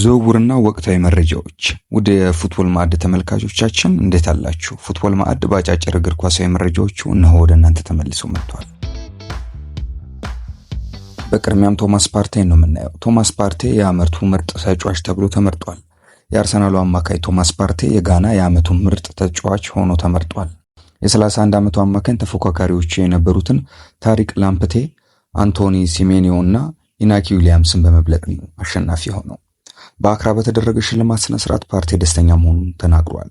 ዝውውርና ወቅታዊ መረጃዎች። ወደ ፉትቦል ማዕድ ተመልካቾቻችን እንዴት አላችሁ? ፉትቦል ማዕድ በአጫጭር እግር ኳሳዊ መረጃዎቹ እነሆ ወደ እናንተ ተመልሶ መጥቷል። በቅድሚያም ቶማስ ፓርቴ ነው የምናየው። ቶማስ ፓርቴ የአመቱ ምርጥ ተጫዋች ተብሎ ተመርጧል። የአርሰናሉ አማካይ ቶማስ ፓርቴ የጋና የአመቱ ምርጥ ተጫዋች ሆኖ ተመርጧል። የ31 ዓመቱ አማካኝ ተፎካካሪዎቹ የነበሩትን ታሪክ ላምፕቴ፣ አንቶኒ ሲሜኒዮ እና ኢናኪ ዊሊያምስን በመብለጥ ነው አሸናፊ ሆነው በአክራ በተደረገ ሽልማት ስነ ስርዓት ፓርቴ ደስተኛ መሆኑን ተናግሯል።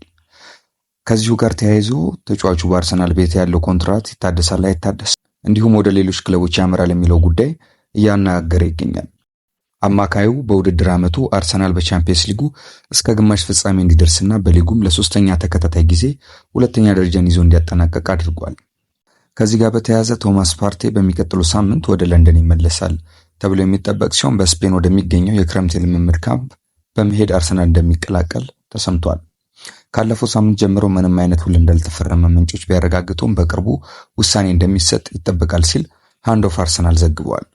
ከዚሁ ጋር ተያይዞ ተጫዋቹ በአርሰናል ቤት ያለው ኮንትራት ይታደሳል አይታደስ፣ እንዲሁም ወደ ሌሎች ክለቦች ያመራል የሚለው ጉዳይ እያነጋገረ ይገኛል። አማካዩ በውድድር ዓመቱ አርሰናል በቻምፒየንስ ሊጉ እስከ ግማሽ ፍጻሜ እንዲደርስና በሊጉም ለሶስተኛ ተከታታይ ጊዜ ሁለተኛ ደረጃን ይዞ እንዲያጠናቀቅ አድርጓል። ከዚህ ጋር በተያያዘ ቶማስ ፓርቴ በሚቀጥለው ሳምንት ወደ ለንደን ይመለሳል ተብሎ የሚጠበቅ ሲሆን በስፔን ወደሚገኘው የክረምት ልምምድ ካምፕ በመሄድ አርሰናል እንደሚቀላቀል ተሰምቷል። ካለፈው ሳምንት ጀምሮ ምንም አይነት ውል እንዳልተፈረመ ምንጮች ቢያረጋግጡም በቅርቡ ውሳኔ እንደሚሰጥ ይጠበቃል ሲል ሃንድ ኦፍ አርሰናል ዘግቧል።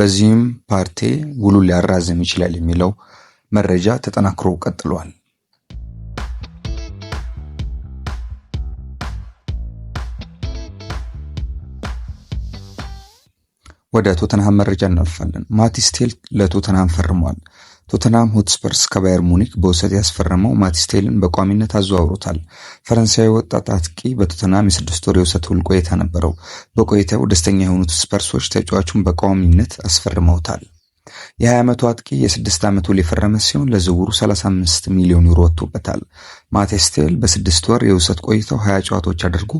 በዚህም ፓርቴ ውሉ ሊያራዝም ይችላል የሚለው መረጃ ተጠናክሮ ቀጥሏል። ወደ ቶተንሃም መረጃ እናልፋለን። ማቲስ ቴል ለቶተንሃም ፈርሟል። ቶተናም ሆትስፐርስ ከባየር ሙኒክ በውሰት ያስፈረመው ማቲስቴልን በቋሚነት አዘዋውሮታል። ፈረንሳዊ ወጣት አጥቂ በቶተናም የስድስት ወር የውሰት ውል ቆይታ ነበረው። በቆይታው ደስተኛ የሆኑት ስፐርሶች ተጫዋቹን በቋሚነት አስፈርመውታል። የ20 ዓመቱ አጥቂ የስድስት ዓመት ውል የፈረመ ሲሆን ለዝውውሩ 35 ሚሊዮን ዩሮ ወጥቶበታል። ማቴስቴል በስድስት ወር የውሰት ቆይታው 20 ጨዋታዎች አድርጎ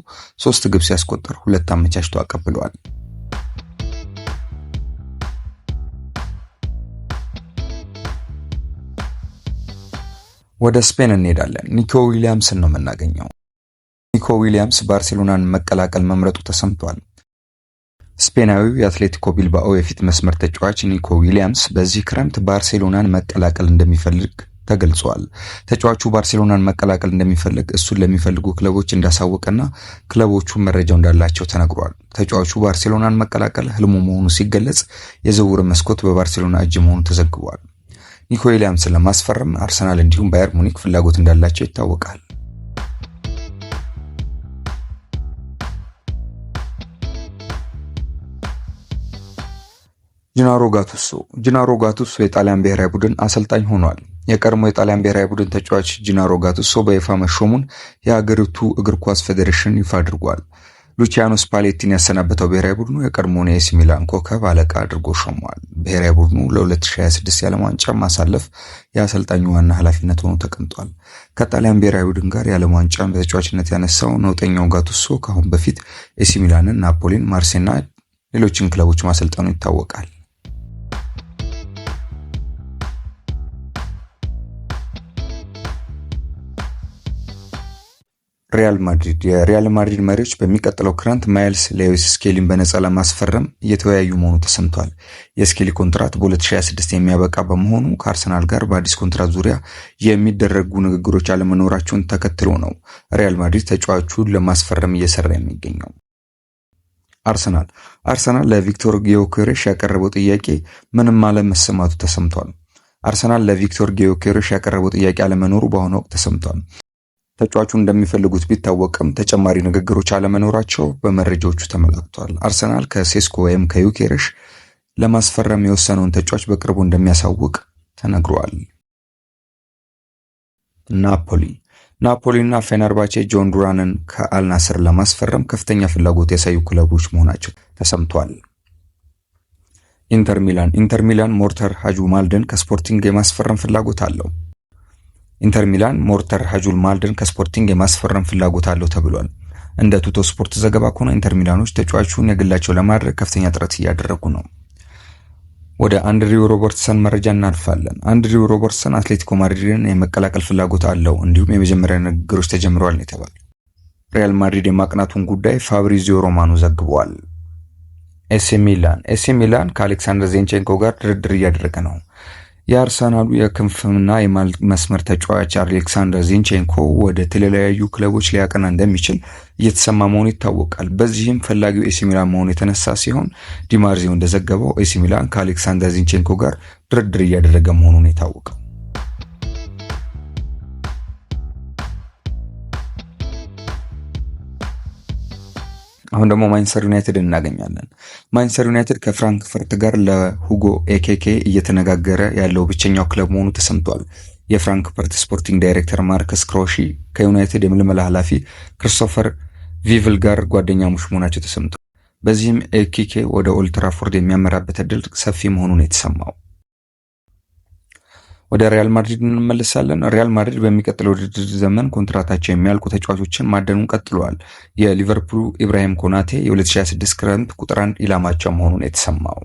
ሶስት ግብ ሲያስቆጠር ሁለት አመቻችቶ አቀብለዋል። ወደ ስፔን እንሄዳለን። ኒኮ ዊሊያምስን ነው የምናገኘው። ኒኮ ዊሊያምስ ባርሴሎናን መቀላቀል መምረጡ ተሰምቷል። ስፔናዊው የአትሌቲኮ ቢልባኦ የፊት መስመር ተጫዋች ኒኮ ዊሊያምስ በዚህ ክረምት ባርሴሎናን መቀላቀል እንደሚፈልግ ተገልጿል። ተጫዋቹ ባርሴሎናን መቀላቀል እንደሚፈልግ እሱን ለሚፈልጉ ክለቦች እንዳሳወቀና ክለቦቹ መረጃው እንዳላቸው ተነግሯል። ተጫዋቹ ባርሴሎናን መቀላቀል ህልሙ መሆኑ ሲገለጽ የዝውውር መስኮት በባርሴሎና እጅ መሆኑ ተዘግቧል። ኒኮ ዊሊያምስን ለማስፈረም አርሰናል እንዲሁም ባየር ሙኒክ ፍላጎት እንዳላቸው ይታወቃል። ጅናሮ ጋቱሶ ጅናሮ ጋቱሶ የጣሊያን ብሔራዊ ቡድን አሰልጣኝ ሆኗል። የቀድሞ የጣሊያን ብሔራዊ ቡድን ተጫዋች ጅናሮ ጋቱሶ በይፋ መሾሙን የሀገሪቱ እግር ኳስ ፌዴሬሽን ይፋ አድርጓል። ሉቺያኖ ስፓሌቲን ያሰናበተው ብሔራዊ ቡድኑ የቀድሞውን የኤሲ ሚላን ኮከብ አለቃ አድርጎ ሾሟል። ብሔራዊ ቡድኑ ለ2026 የዓለም ዋንጫ ማሳለፍ የአሰልጣኙ ዋና ኃላፊነት ሆኖ ተቀምጧል። ከጣሊያን ብሔራዊ ቡድን ጋር የዓለም ዋንጫን በተጫዋችነት ያነሳው ነውጠኛው ጋቱሶ ከአሁን በፊት ኤሲ ሚላንን፣ ናፖሊን፣ ማርሴና ሌሎችን ክለቦች ማሰልጠኑ ይታወቃል። ሪያል ማድሪድ የሪያል ማድሪድ መሪዎች በሚቀጥለው ክረምት ማይልስ ሌዊስ ስኬሊን በነፃ ለማስፈረም እየተወያዩ መሆኑ ተሰምቷል። የስኬሊ ኮንትራት በ2026 የሚያበቃ በመሆኑ ከአርሰናል ጋር በአዲስ ኮንትራት ዙሪያ የሚደረጉ ንግግሮች አለመኖራቸውን ተከትሎ ነው ሪያል ማድሪድ ተጫዋቹን ለማስፈረም እየሰራ የሚገኘው። አርሰናል አርሰናል ለቪክቶር ጊዮኬሬሽ ያቀረበው ጥያቄ ምንም አለመሰማቱ ተሰምቷል። አርሰናል ለቪክቶር ጊዮኬሬሽ ያቀረበው ጥያቄ አለመኖሩ በአሁኑ ወቅት ተሰምቷል። ተጫዋቹ እንደሚፈልጉት ቢታወቅም ተጨማሪ ንግግሮች አለመኖራቸው በመረጃዎቹ ተመላክቷል። አርሰናል ከሴስኮ ወይም ከዩኬርሽ ለማስፈረም የወሰነውን ተጫዋች በቅርቡ እንደሚያሳውቅ ተነግሯል። ናፖሊ ናፖሊና ፌነርባቼ ጆን ዱራንን ከአልናስር ለማስፈረም ከፍተኛ ፍላጎት ያሳዩ ክለቦች መሆናቸው ተሰምቷል። ኢንተር ሚላን ኢንተር ሚላን ሞርተር ሃጁ ማልደን ከስፖርቲንግ የማስፈረም ፍላጎት አለው። ኢንተር ሚላን ሞርተር ሀጁል ማልደን ከስፖርቲንግ የማስፈረም ፍላጎት አለው ተብሏል። እንደ ቱቶ ስፖርት ዘገባ ከሆነ ኢንተር ሚላኖች ተጫዋቹን የግላቸው ለማድረግ ከፍተኛ ጥረት እያደረጉ ነው። ወደ አንድሪው ሮበርትሰን መረጃ እናልፋለን። አንድሪው ሮበርትሰን አትሌቲኮ ማድሪድን የመቀላቀል ፍላጎት አለው፣ እንዲሁም የመጀመሪያ ንግግሮች ተጀምረዋል ነው የተባለው። ሪያል ማድሪድ የማቅናቱን ጉዳይ ፋብሪዚዮ ሮማኑ ዘግቧል። ኤሲ ሚላን ኤሲ ሚላን ከአሌክሳንደር ዜንቼንኮ ጋር ድርድር እያደረገ ነው። የአርሰናሉ የክንፍና የመስመር መስመር ተጫዋች አሌክሳንደር ዚንቼንኮ ወደ ተለያዩ ክለቦች ሊያቀና እንደሚችል እየተሰማ መሆኑ ይታወቃል። በዚህም ፈላጊው ኤሲ ሚላን መሆኑ የተነሳ ሲሆን ዲማርዚዮ እንደዘገበው ኤሲ ሚላን ከአሌክሳንደር ዚንቼንኮ ጋር ድርድር እያደረገ መሆኑን የታወቀው አሁን ደግሞ ማንቸስተር ዩናይትድ እናገኛለን። ማንቸስተር ዩናይትድ ከፍራንክፈርት ጋር ለሁጎ ኤኬኬ እየተነጋገረ ያለው ብቸኛው ክለብ መሆኑ ተሰምቷል። የፍራንክፈርት ስፖርቲንግ ዳይሬክተር ማርከስ ክሮሺ ከዩናይትድ የምልመላ ኃላፊ ክሪስቶፈር ቪቭል ጋር ጓደኛሞች መሆናቸው ተሰምቷል። በዚህም ኤኬኬ ወደ ኦልትራፎርድ የሚያመራበት እድል ሰፊ መሆኑን የተሰማው ወደ ሪያል ማድሪድ እንመለሳለን። ሪያል ማድሪድ በሚቀጥለው ውድድር ዘመን ኮንትራታቸው የሚያልቁ ተጫዋቾችን ማደኑን ቀጥለዋል። የሊቨርፑሉ ኢብራሂም ኮናቴ የ2026 ክረምት ቁጥር አንድ ኢላማቸው መሆኑን የተሰማው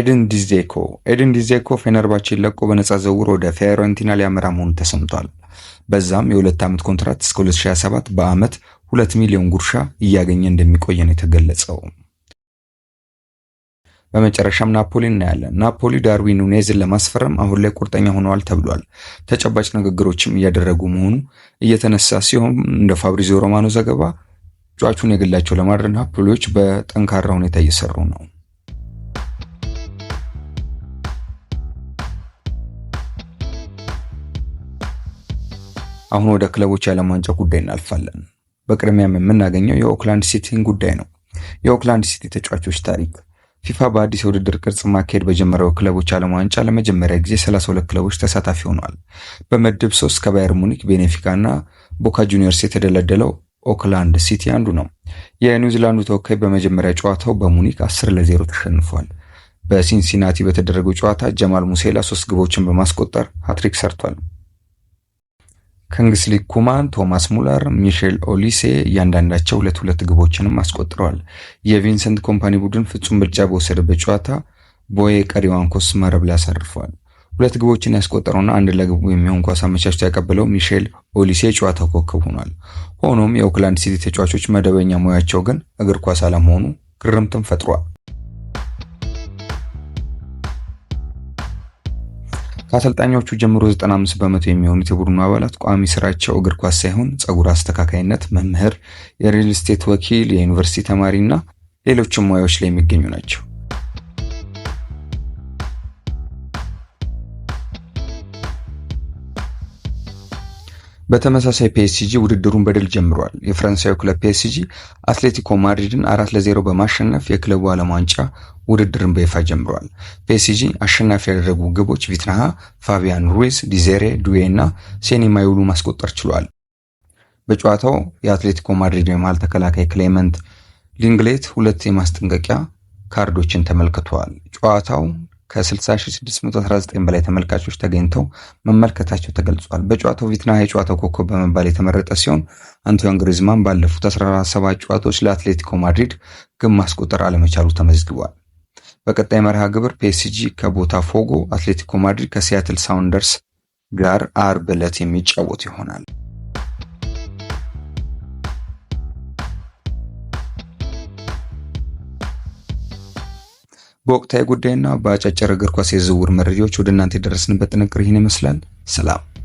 ኤድን ዲዜኮ ኤድን ዲዜኮ ፌነርባቼን ለቆ በነፃ ዘውር ወደ ፊዮረንቲና ሊያመራ መሆኑ ተሰምቷል። በዛም የሁለት ዓመት ኮንትራት እስከ 2027 በዓመት ሁለት ሚሊዮን ጉርሻ እያገኘ እንደሚቆየ ነው የተገለጸው። በመጨረሻም ናፖሊ እናያለን። ናፖሊ ዳርዊን ኑኔዝን ለማስፈረም አሁን ላይ ቁርጠኛ ሆነዋል ተብሏል። ተጨባጭ ንግግሮችም እያደረጉ መሆኑ እየተነሳ ሲሆን እንደ ፋብሪዚዮ ሮማኖ ዘገባ ጫቹን የግላቸው ለማድረግ ናፖሊዎች በጠንካራ ሁኔታ እየሰሩ ነው። አሁን ወደ ክለቦች የዓለም ዋንጫ ጉዳይ እናልፋለን። በቅድሚያም የምናገኘው የኦክላንድ ሲቲን ጉዳይ ነው። የኦክላንድ ሲቲ ተጫዋቾች ታሪክ ፊፋ በአዲስ የውድድር ቅርጽ ማካሄድ በጀመረው ክለቦች ዓለም ዋንጫ ለመጀመሪያ ጊዜ 32 ክለቦች ተሳታፊ ሆኗል። በምድብ 3 ከባየር ሙኒክ፣ ቤኔፊካ እና ቦካ ጁኒየርስ የተደለደለው ኦክላንድ ሲቲ አንዱ ነው። የኒውዚላንዱ ተወካይ በመጀመሪያ ጨዋታው በሙኒክ 10 ለዜሮ ተሸንፏል። በሲንሲናቲ በተደረገው ጨዋታ ጀማል ሙሴላ ሶስት ግቦችን በማስቆጠር ሀትሪክ ሰርቷል። ከንግስሊ ኩማን፣ ቶማስ ሙለር፣ ሚሼል ኦሊሴ እያንዳንዳቸው ሁለት ሁለት ግቦችንም አስቆጥረዋል። የቪንሰንት ኮምፓኒ ቡድን ፍጹም ብልጫ በወሰደበት ጨዋታ ቦዬ ቀሪዋን ኮስ መረብ ላይ አሳርፏል። ሁለት ግቦችን ያስቆጠረውና አንድ ለግቡ የሚሆን ኳስ አመቻችቶ ያቀበለው ሚሼል ኦሊሴ ጨዋታው ኮከብ ሆኗል። ሆኖም የኦክላንድ ሲቲ ተጫዋቾች መደበኛ ሙያቸው ግን እግር ኳስ አለመሆኑ ግርምትም ፈጥሯል። ከአሰልጣኞቹ ጀምሮ 95 በመቶ የሚሆኑት የቡድኑ አባላት ቋሚ ስራቸው እግር ኳስ ሳይሆን ጸጉር አስተካካይነት፣ መምህር፣ የሪል ስቴት ወኪል፣ የዩኒቨርሲቲ ተማሪ እና ሌሎችም ሙያዎች ላይ የሚገኙ ናቸው። በተመሳሳይ ፒኤስጂ ውድድሩን በድል ጀምሯል። የፈረንሳዩ ክለብ ፒኤስጂ አትሌቲኮ ማድሪድን አራት ለዜሮ በማሸነፍ የክለቡ ዓለም ዋንጫ ውድድርን በይፋ ጀምሯል። ፒኤስጂ አሸናፊ ያደረጉ ግቦች ቪትናሃ፣ ፋቢያን ሩይዝ፣ ዲዜሬ ዱዌ እና ሴኒ ማዩሉ ማስቆጠር ችሏል። በጨዋታው የአትሌቲኮ ማድሪድ የመሃል ተከላካይ ክሌመንት ሊንግሌት ሁለት የማስጠንቀቂያ ካርዶችን ተመልክተዋል። ጨዋታው ከ60619 በላይ ተመልካቾች ተገኝተው መመልከታቸው ተገልጿል። በጨዋታው ቪትና የጨዋታው ኮከብ በመባል የተመረጠ ሲሆን አንቶን ግሪዝማን ባለፉት 17 ጨዋታዎች ለአትሌቲኮ ማድሪድ ግብ ማስቆጠር አለመቻሉ ተመዝግቧል። በቀጣይ መርሃ ግብር ፒኤስጂ ከቦታፎጎ፣ አትሌቲኮ ማድሪድ ከሲያትል ሳውንደርስ ጋር አርብ ዕለት የሚጫወት ይሆናል። በወቅታዊ ጉዳይና በአጫጭር እግር ኳስ የዝውውር መረጃዎች ወደ እናንተ የደረስንበት ጥንቅር ይህን ይመስላል። ሰላም።